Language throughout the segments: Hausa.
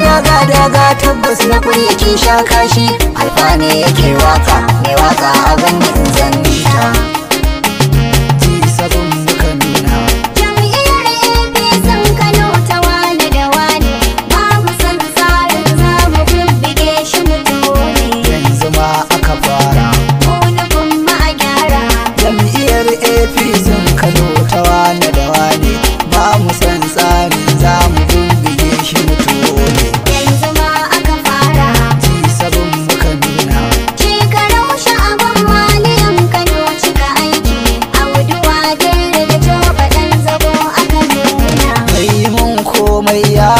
daga daga tabbas na kuri yake sha kashi alfa ne yake waka mai waka abin da zan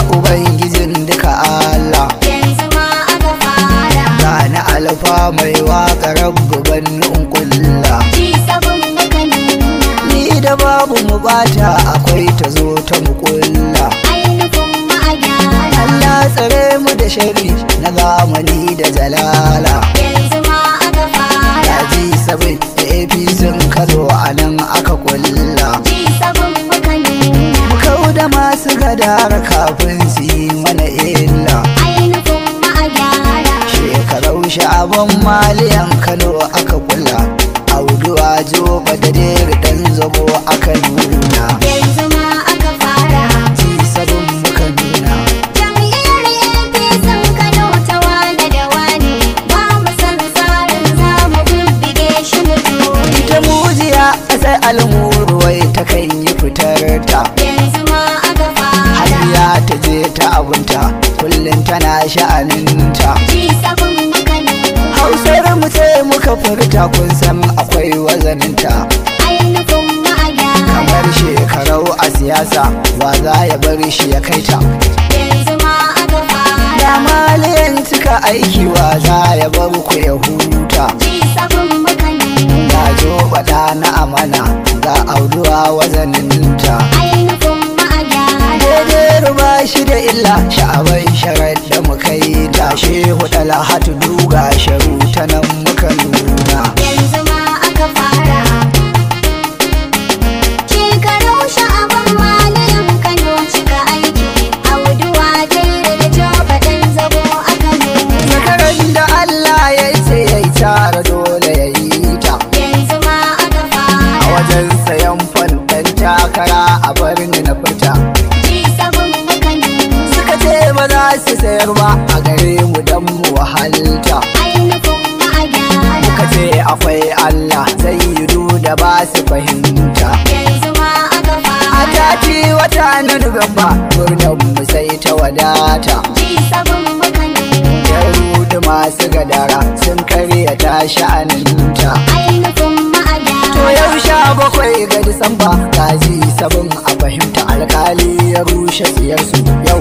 ubangijin duka Allah yanzu ma aka fara gani alfa mai waka rabbu kulla ji sabon ni da babu mu bata akwai ta zo ta mu kulla Allah tsare mu da shari na zamani da jalala yanzu ma aka fara ya ji a nan aka kulla ji sabon nuna mu kau da masu gadara su yi mana illa shekarau sha'aban maliyan kano aka kula auduwa jo da dare dan zabo aka nuna yanzu ma aka fara sabon muka nuna jam'iyyar apc kano ta wane da wane ba mu san tsarin zamu bibbige shi mu ita mujiya sai almuruwai ta kan yi fitar ta ya ta je ta abunta kullum tana sha'aninta hausar mu ce muka furta kun san akwai wazaninta kamar shekarau a siyasa wa za ya bari shi ya kai ta maliyan cika aiki wa za ya bar ku ya huta ga jo na amana da illa sha'abai sharar da muka yi tashe da lahatu duga sharu ta nan muka nuna yanzu ma aka fara shekarun sha'aban malayan kano cika aiki a wuduwa jere da jabaɗin aka nuna shekarar da allah ya ce ya yi tara dole ya yi ta yanzu ma aka fara a wajen sayan fal ɗan takara a birnin na fita ba za su sayar ba a gare mu dan mu wahalta muka ce akwai Allah zai yi da ba su fahimta a taci wata nuna ba murnan mu sai ta wadata yan masu gadara sun karya ta sha'aninta to yaushe bakwai ga disamba ji sabon a fahimta alkali ya rushe siyarsu yau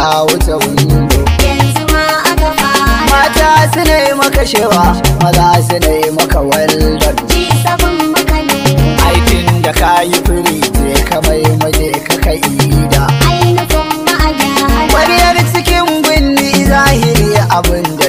a wuce mata su ne maka shewa maza su ne maka waldon aikin da ka yi firi je ka mai maje ka kai da wariyar cikin binni zahiri abin